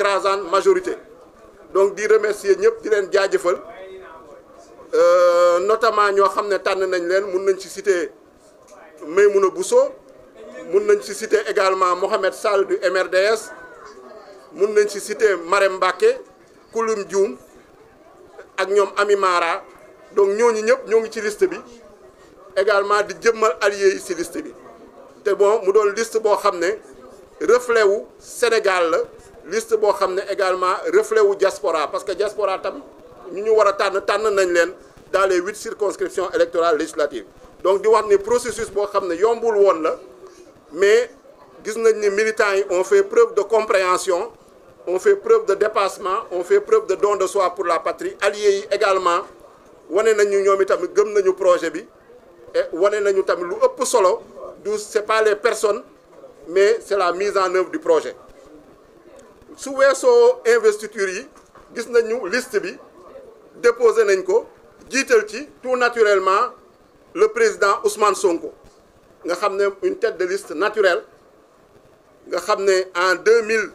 écrasante majorité donc di remercier ñëpp di leen jaajëfal euh, notamment ñoo xam ne tànn nañ leen mun nañ ci citer Maymouna Bousso mun nañ ci citer également Mohamed Sall du MRDS mun nañ ci citer Marème Mbacké Kouloum Dioum ak ñoom Ami Mara donc ñooñu ñëpp ñoo ngi ci liste bi également di jëmmal alliés yi ci liste bi te bon mu doon liste boo xam ne reflet wu Sénégal la liste boo xam ne également reflet wu diaspora parce que diaspora tam ñu ñu war tànn tànn nañ leen dans les huit circonscriptions électorales législatives donc di wax ni processus boo xam ne yombul woon la mais gis nañ ni militants yi ont fait preuve de compréhension on fait preuve de dépassement on fait preuve de don de soi pour la patrie alliés yi également wane nañu ñoom itam gëm nañu projet bi et wane nañu tamit lu ëpp solo du c'est pas les personnes mais c'est la mise en œuvre du projet su weesoo investiture yi gis nañu liste bi déposé nañ ko jiital ci tout naturellement le président Ousmane Sonko nga xam ne une tête de liste naturelle nga xam ne en deux mille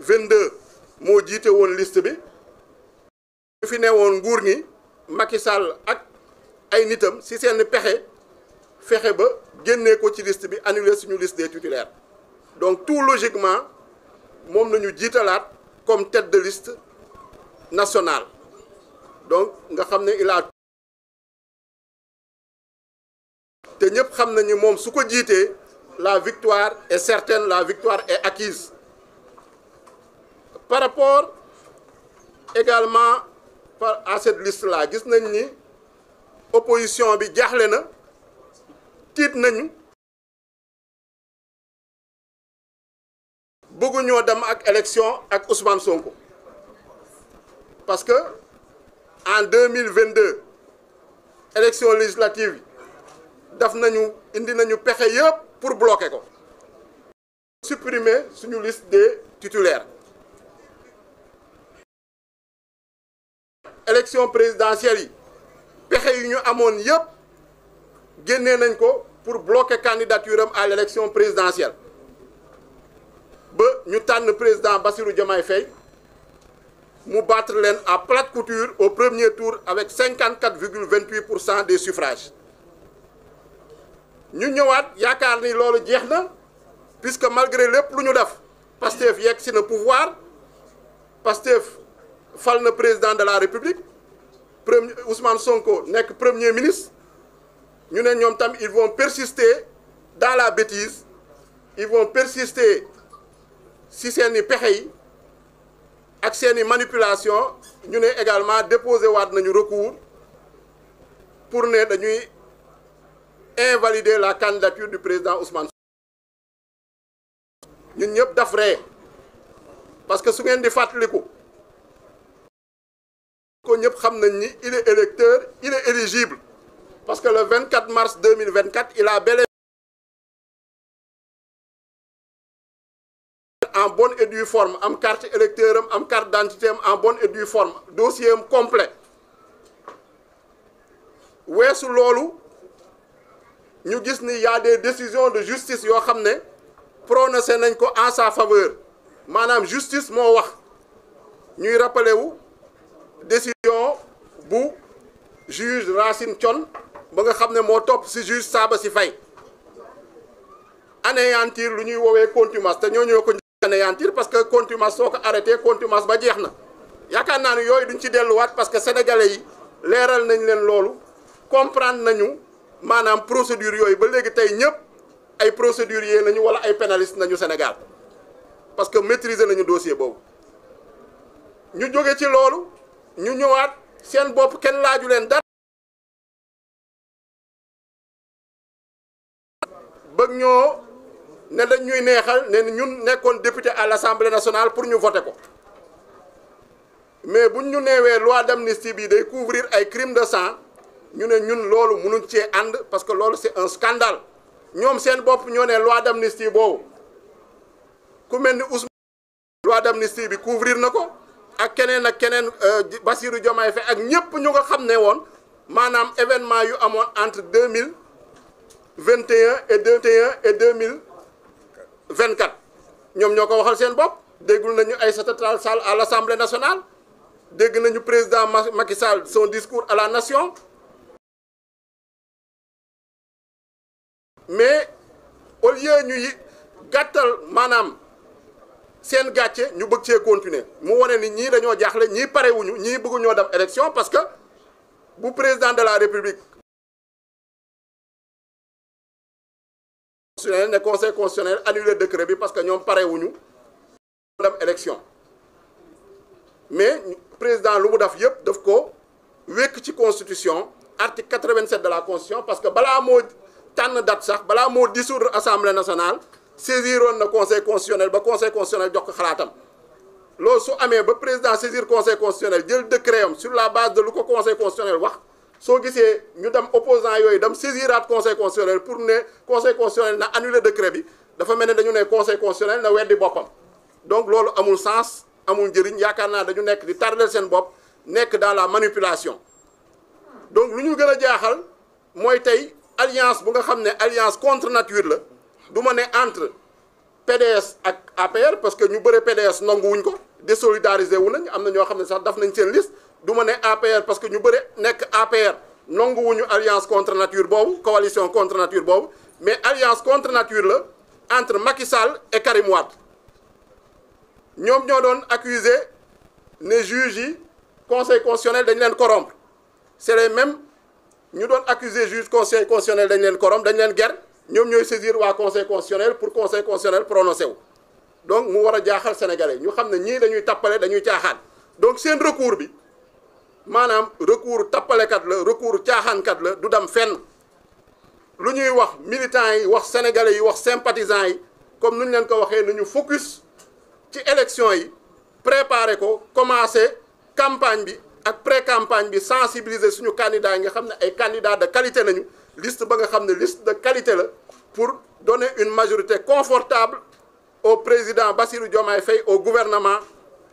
vingt deux moo jiite woon liste bi ñu fi ne woon nguur gi Macky Sall ak ay nitam si seeni pexe fexe ba génnee ko ci liste bi annuler suñu liste des titulaires donc tout logiquement moom nañu jiitalaat comme tête de liste nationale donc nga xam ne il te ñëpp xam nañu moom su ko jiitee la victoire est certaine la victoire est acquise par rapport également par à liste là gis nañ ni opposition bi jaaxle na tiit nañu bëggu ñoo dem ak élection ak Ousmane Sonko parce que en deux mille vingt deux élection législative daf nañu indi nañu pexe yëpp pour bloquer ko. supprimer suñu liste des titulaires. élection présidentielle yi pexe yu ñu amoon yëpp génnee nañ ko pour bloquer candidature am à l' élection présidentielle. ba ñu tànn président bassiru Diomaye Faye mu battre leen à plate couture au premier tour avec 54 virgule 28 pour cent des suffrages ñu ñëwaat yaakaar ni loolu jeex na puisque malgré lépp lu ñu def Pastef yegg si na pouvoir Pastef fal na président de la république premier Ousmane Sonko nekk premier ministre ñu ne ñoom tam ils vont persister dans la bêtise ils von persister si seeni i pexe yi ak seen i manipulation ñu ne également déposé waat nañu recours pour ne dañuy invalider la candidature du président Ousmane ñun ñëpp daf ree parce que su ngeen di fàttaliku ko ñëpp xam nañ ni il est électeur il est éligible parce que le 24 mars 2024 il a bele en bonne et due forme am carte électeur am am carte d'identité am en bonne et due forme dossier am complet weesu loolu ñu gis ni y a des décisions de justice yoo xam ne prononcé nañ ko en sa faveur maanaam justice moo wax ñuy rappelé wu décision bu juge Racine Thion ba nga xam ne moo topp ci juge Saba si fay anéantir lu ñuy woowee contumace te ñoo ñoo ko anéantir parce que contumace soo ko arrêté contumace ba jeex na yaakaar naa ne yooyu duñ ci delluwaat parce que sénégalais yi leeral nañ leen loolu comprendre nañu maanaam procédure yooyu ba léegi tey ñëpp ay procédures yee nañu wala ay pénaliste nañu Sénégal parce que maîtriser nañu dossier boobu ñu jóge ci loolu ñu ñëwaat seen bopp kenn laaju leen dara bëgg ñoo ne dañ ñuy neexal ne ñun nekkoon député à l'Assemblée nationale pour ñu voter ko mais buñ ñu neewee loi d'amnistie bi day couvrir ay crimes de sang ñu ne ñun loolu mënuñ cee ànd parce que loolu c'est un scandale ñoom seen bopp ñoo ne loi d'amnistie boobu ku mel ni Ousmane loi d'amnistie bi couvrir na ko ak keneen ak keneen euh, Bassirou Diomaye Faye ak ñëpp ñu nga xam ne woon maanaam événement yu amoon entre deux mille vingt et un deux et deux mille 24 ñoom ñoo ko waxal seen bopp déggul nañu Aïssata Tall Sall à l'Assemblée nationale dégg nañu président Macky Sall son discours à la nation mais au lieu ñuy gàttal maanaam seen gàcce ñu bëgg cee continuer mu wane ni ñii dañoo jaaxle ñii parewuñu ñii bëgguñoo dem élection parce que bu président de la république constitutionnel ne conseil constitutionnel annulé décret bi parce que ñoom pare wuñu dem élection mais président lu mu def yëpp daf ko wékk ci constitution article 87 de la constitution parce que balaa moo tànn date sax balaa moo dissoudre assemblée nationale saisiroon na conseil constitutionnel ba conseil constitutionnel jox ko xalaatam loolu su amee ba président saisir conseil constitutionnel jël décret am sur la base de lu ko conseil constitutionnel wax soo gisee ñu dem opposant yooyu dem saisiraat conseil constitutionnel pour ne conseil constitutionnel na annuler décret bi dafa mel ne dañu ne conseil constitutionnel na weddi boppam donc loolu amul sens amul njëriñ yaakaar naa dañu nekk di tardel seen bopp nekk dans la manipulation donc lu ñu gën a jaaxal mooy tey alliance bu nga xam ne alliance contre nature la du ma ne entre PDS ak APR parce que ñu bëre PDS nanguwuñ ko désolidariser wu nañ am na ñoo xam ne sax daf nañ seen du ma ne APR parce que ñu bëri nekk APR nanguwuñu alliance contre nature boobu coalition contre nature boobu mais alliance contre nature la entre Macky Sall et Karim ñoom ñoo doon accuser ne juges yi conseil constitutionnel dañ leen corrompre c'est les mêmes ñu doon accusé juge conseil constitutionnel leen corrompre dañ leen ger ñoom ñooy saisir waa conseil constitutionnel pour conseil constitutionnel prononcé wu donc mu war a jaaxal sénégalais ñu xam ne ñii dañuy tappale dañuy caaxaan donc seen recours bi maanaam recours tappalekat la recours caaxaankat la du dem fenn lu ñuy wax militants yi wax sénégalais yi wax sympathisants yi comme nu ñu leen ko waxee nañu focus ci élection yi préparer ko commencé campagne bi ak pré campagne bi sensibiliser suñu candidats yi nga xam ne ay candidats de qualité nañu liste ba nga xam ne liste de qualité la pour donner une majorité confortable au président Bassirou Diomaye Faye au gouvernement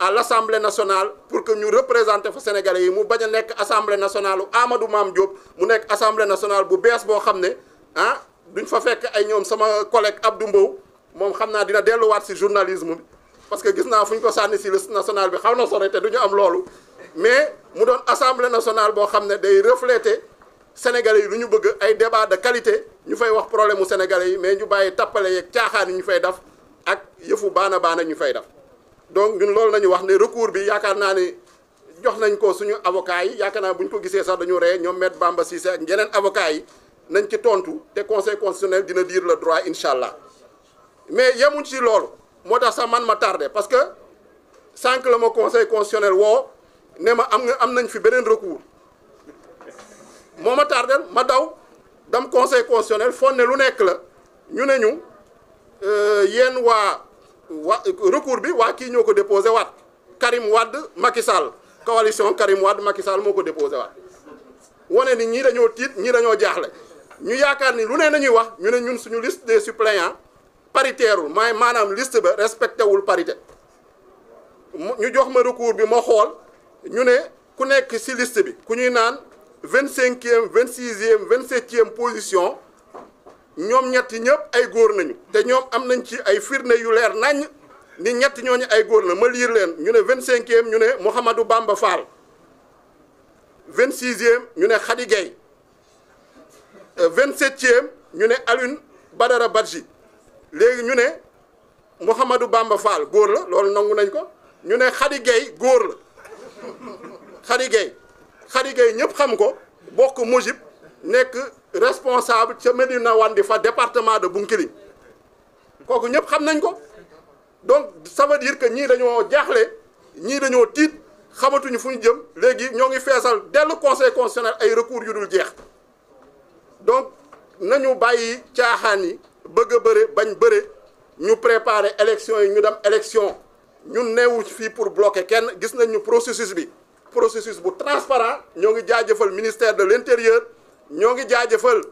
à l'Assemblée nationale pour que ñu représenté fa Sénégalais yi mu bañ a nekk Assemblée nationale Amadou maam Diop mu nekk Assemblée nationale bu bees boo xam ne ah duñ fa fekk ay ñoom sama collègue Abdou Mbow moom xam naa dina delluwaat si journalisme bi parce que gis naa fu ñu ko sànni si liste nationale bi xaw na sore te du ñu am loolu mais mu doon Assemblée nationale boo xam ne day refléter Sénégalais yi lu ñu bëgg ay débat de qualité ñu fay wax problème mu Sénégalais yi mais ñu bàyyi tappale yeeg caaxaan yi ñu fay def ak yëfu baana baana ñu fay def donc ñun loolu nañu ñu wax ne recours bi yaakaar naa ni jox nañ ko suñu avocat yi yaakaar naa bu ñu ko gisee sax dañu ree ñoom maître Bamba si ak yeneen avocat yi nañ ci tontu te conseil constitutionnel dina dire le droit incha allah mais yemuñ si loolu moo tax sax man ma tardé parce que sànq la ma conseil constitutionnel woo ne ma am nga am nañ fi beneen recours moo ma tardel ma daw dam conseil constitutionnel fon ne lu nekk la ñu ne ñu euh, yéen waa. waa recours bi waa kii ñoo ko déposé waat Karim Wade Macky Sall coalition Karim Wade Macky Sall moo ko déposé waat wane ni ñii dañoo tiit ñii dañoo jaaxle ñu yaakaar ni lu nee nañuy wax ñu ne ñun suñu liste des suppléants paritaireul maay maanaam liste ba respecté wul parité ñu jox ma recours bi ma xool ñu ne ku nekk ci liste bi ku ñuy naan vingt cinquième vingt sixième vingt septième position ñoom ñetti ñëpp ay góor nañu te ñoom am nañ ci ay firnde yu leer naññ ni ñetti ñooñu ay góor na ma liir leen ñu ne vingt cinquième ñu ne Mouhamadou Bamba Fall vingt sixième ñu ne Khady Gueye euh, vingt septième ñu ne Alioune Badara Badji léegi ñu ne Mouhamadou Bamba Fall góor la loolu nangu nañ ko ñu ne Khady góor la Khady Gueye Khady ñëpp xam ko bokk mujib nekk responsable ca Medina Wandifa département de Bounkiling kooku ñëpp xam nañ ko donc ça veut dire que ñii dañoo jaaxle ñii dañoo tiit xamatuñu fu ñu jëm léegi ñoo ngi feesal dellu conseil constitutionnel ay recours yu dul jeex donc nañu bàyyi caaxaan yi bëgg a bëre bañ bëre ñu préparer élection yi ñu dem élection ñun neewu fii pour bloquer kenn gis nañu processus bi processus bu transparent ñoo ngi jaajëfal ministère de l'intérieur ñoo ngi jaajëfal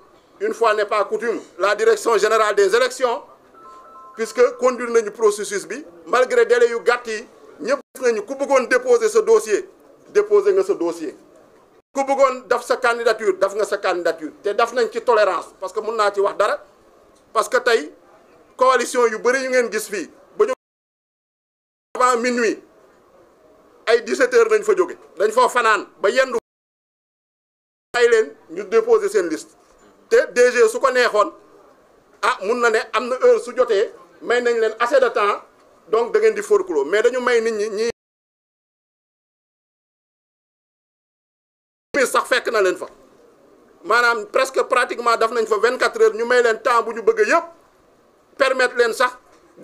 une fois n'est pas coutume la direction générale des élections puisque conduire nañu processus bi malgré délai yu gàtt yi ñëpp def nañu ku bëggoon déposer sa dossier déposer nga sa dossier ku bëggoon daf sa candidature daf nga sa candidature te daf nañ ci tolérance parce que mun naa ci wax dara parce que tey coalition yu bëri yu ngeen gis fii ba ñu avant minuit ay 17 heures fa jóge dañ fa fanaan ba yendu bàyyi leen ñu déposer seen liste te su ko neexoon ah mun na ne am na heure su jotee may nañ leen assez de temps donc da ngeen di forclos mais dañu may nit ñi ñi sax fekk na leen fa maanaam presque pratiquement daf nañ fa 24 heures ñu may leen temps bu ñu bëgg yëpp permettre leen sax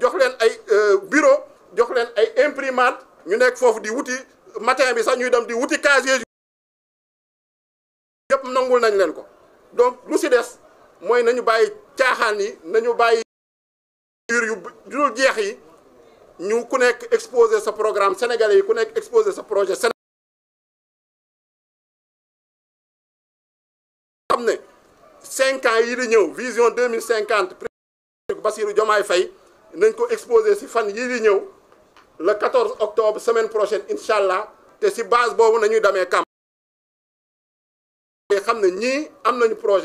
jox leen ay euh, bureau jox leen ay imprimante ñu nekk foofu di wuti matin bi sax ñuy dem di wuti casier lépp nangul nañ leen ko donc lu si des mooy nañu bàyyi caaxaan yi nañu bàyyi ur yu dul jeex yi ñu ku nekk exposé sa programme sénégalais yi ku nekk exposé sa projet sénégalais xam ne cinq ans yi di ñëw vision deux mille cinquante président Bassirou Diomaye Faye nañ ko exposé si fan yii di ñëw le 14 semaine prochaine incha allah te si base boobu nañuy demee camp xam ne ñii am nañu projet